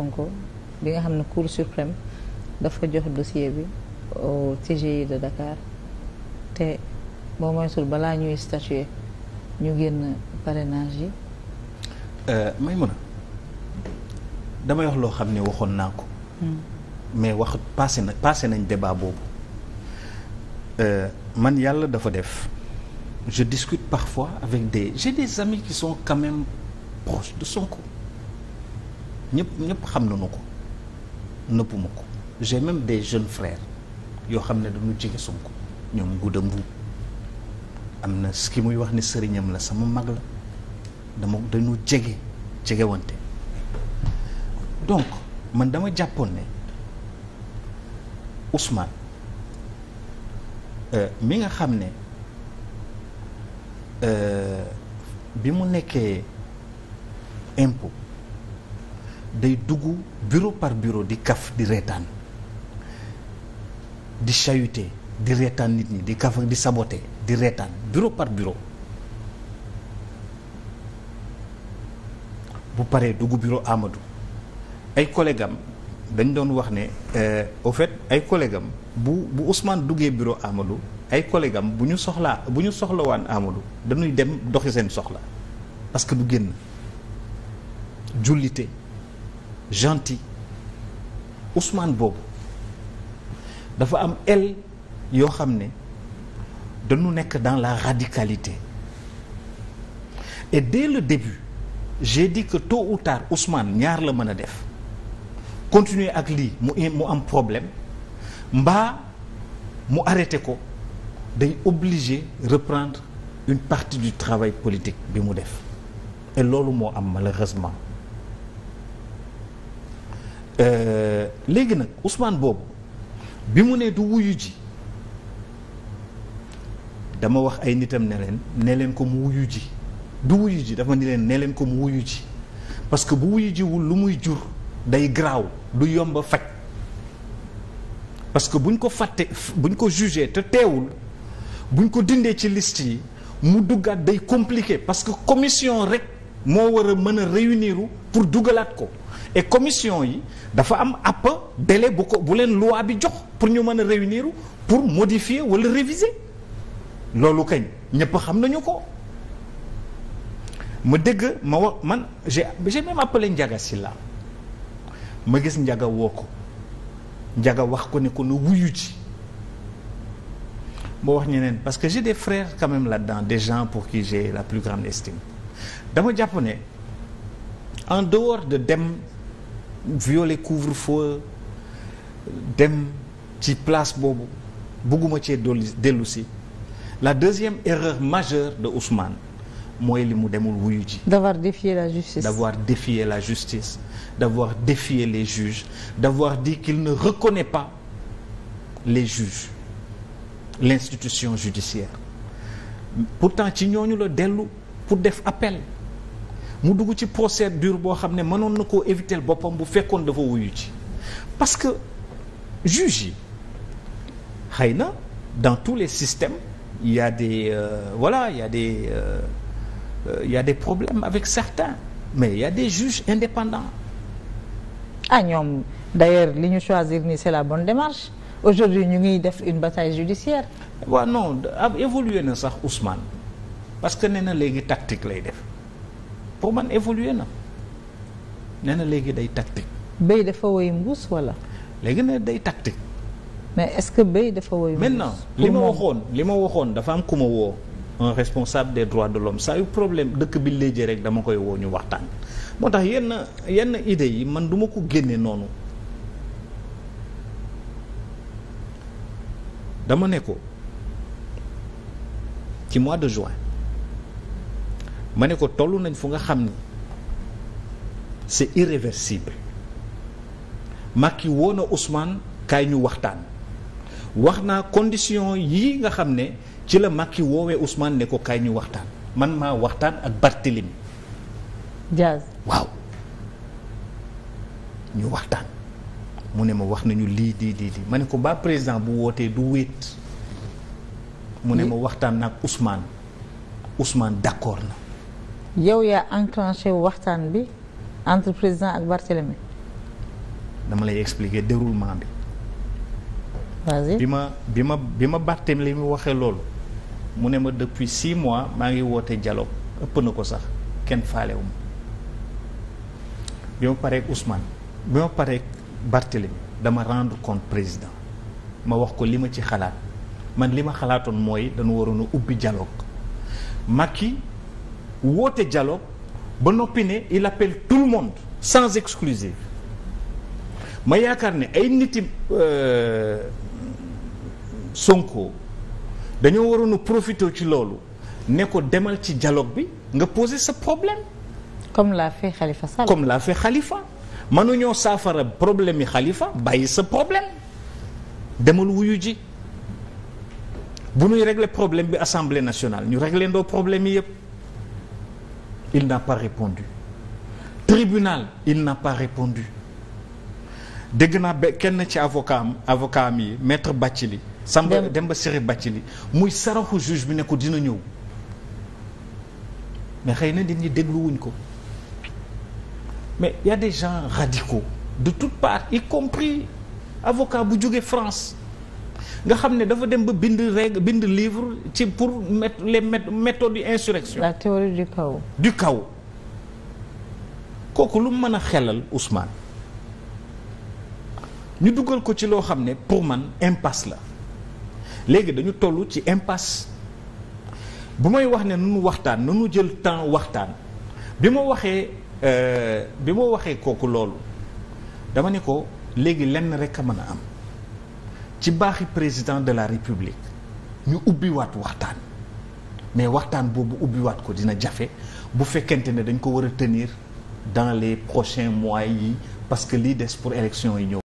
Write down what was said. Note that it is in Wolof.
Sonko bi nga xam ne Cour suprême dafa jox dossier bi au TGI de Dakar te boo moytul balaa ñuy statuer ñu génn parrainage yi. Euh, may mën a damay wax loo xam ne waxoon naa ko. Hmm. mais wax passé na passé nañ débat boobu euh, man yàlla dafa def je discute parfois avec des j'ai des amis qui sont quand même proches de Sonko. ñëpp ñëpp xam nañu ko nëppuma ko j'ai même des jeunes frères yoo xam ne dañu jege Sonko ñoom gudda mbuub am na ki muy wax ni sëriñam la sama mag la dama dañu jege jegewante donc man dama jàppoon ne Ousmane euh, mi nga xam ne euh, bi mu nekkee impo day duggu bureau par bureau di kaf di reetaan di chahuter di reetaan nit ñi di kaf di saboter di reetaan bureau par bureau bu paree dugg bureau Amadou ay collègues dañ doon wax ne euh, au fait ay collègues bu bu Ousmane duggee bureau Amadou ay collègues bu ñu soxlawaan Amadou dañuy dem doxi seen soxla parce que du génn jullite gentil Ousmane boobu dafa am el yoo xam ne dañu nekk dans la radicalité et dès le début j'ai dit que tôt ou tard Ousmane ñaar la mën a def continuer ak lii mu mu am problème mbaa mu arrêté ko day obligé reprendre une partie du travail politique bi mu def et loolu moo am malheureusement Euh, léegi nag Ousmane boobu bi mu nee du wuyu ji dama wax ay nitam ne leen ne leen ko mu wuyu ji du wuyu ji dafa ni leen ne leen ko mu wuyu ji parce que bu wuyu jiwul lu muy jur day graaw du yomba faj parce que buñ ko fàtte buñ ko jugé te teewul buñ ko dindee ci liste yi mu duggaat day compliqué parce que commission rek moo war a mën a réunir pour dugalaat ko et commission yi dafa am app délai bu ko bu leen loi bi jox pour ñu mën a réunir pour modifier wala réviser loolu kañ ñëpp xam nañu ko ma dégg ma wax man j'ai j'ai même appelé Ndiaga Sylla ma gis Ndiaga woo ko Ndiaga wax ko ne ko na wuyu ji moo wax ñeneen parce que j'ai des frères quand même là-dedans des pour qui j'ai la plus grande estime dama jàpp ne en dehors de dem violet couvre-feu dem ci place boobu bëgguma cee dolli dellu si la deuxième erreur majeure de Ousmane mooy li mu demul wuyu ji. d'avoir défié la justice. d'avoir défié la justice d'avoir défié les juges d'avoir dit qu'il ne reconnaît pas les juges l'institution judiciaire pourtant ci ñooñu la dellu pour def appel. mu dugg ci procédure boo xam ne mënoon na koo éviter boppam bu fekkoon dafa wuyu ci parce que juge yi xëy na dans tous les systèmes il de a des euh, voilà il y des euh, euh y des problèmes avec certains mais il y a des juges indépendants. ah ñoom d'ailleurs li ñu choisir ni c'est la bonne démarche aujourd'hui ñu ngi def une bataille judiciaire. waaw ouais, non ab évoluer na sax Ousmane parce que nee na léegi tactique lay def. pour man évoluer na nee na léegi day tactique. béy dafa woy mbuus walla léegi ne day tactique. mais est-ce que béy dafa woy mbuus li ma waxoon li ma waxoon dafa am ku ma woo. un responsable des droits de l'homme saa yu problème dëkk bi léegi rek dama koy woo ñu waxtaan moo tax yenn yenn idées yi man duma ko génne noonu dama ne ko ci mois de juin. ma ne ko toll nañ fu nga xam ni c'est irréversible Macky woo na kaay ñu waxtaan wax naa condition yii nga xam ne ci la Macky woowee Ousmane ne ko kaay ñu waxtaan man maa waxtaan ak Barthélémy Diaz waaw ñu waxtaan mu ne ma wax nañu lii di di ma ne ko ba président bu wootee du wéet mu ne ma waxtaan naag Ousmane Ousmane d'accord na yow yaa enclenché waxtaan bi entre président ak Barthélemy dama lay expliquer déroulement bi vas bi ma bi ma bi ma mu waxee loolu mu ne ma depuis six mois maa ngi woote dialogue ëpp na ko sax kenn faalewu ma bi ma pareek Ousmane bi ma pareek Barthélemy dama rendre compte président ma wax ko li ma ci xalaat man li ma xalaatoon mooy dañu waroon a ubbi dialogue Macky woote dialogue ba noppi ne il appelle tout le monde sans exclusive ma yaakaar ne ay niti euh, Sonko dañoo waroon a profité ci loolu ne ko demal ci dialogue bi nga poser sa problème. comme l'a fait Khalifa Sall. comme l'a fait Khalifa saafara problème yi Khalifa bàyyi sa problème demal wuyu ji bu ñuy régler problème bi assemblée nationale ñu régler ndoo problème yi yëpp. il n'a pas répondu tribunal il n'a pas répondu dégg naa ba kenn ci avocat am avocat am yi maître Bathily Samba Demba Ciré Bathily muy saraxu juge bi ne ko dina ñëw mais xëy na nit ñi dégluwuñ ko mais y des gens radicaux de toutes parts y compris avocat bu jóge France nga xam ne dafa dem ba bind règle bind livre ci pour mettre les méthodes de insurrection la théorie du chaos kooku lu mën a xelal Ousmane ñu dugal ko ci loo xam ne pour man impasse la léegi dañu toll ci impasse bu may wax ne nu nunu waxtaan nu nunu jël temps waxtaan bi ma waxee euh, bi ma waxee kooku loolu dama ne ko léegi lenn rek a mën a am ci baaxi président de la république ñu ubbiwaat waxtaan mais waxtaan boobu ubbiwaat ko dina jafe bu fekkente ne dañ ko war a tenir dans les prochains mois yi parce que lii des pour élection yi ñëw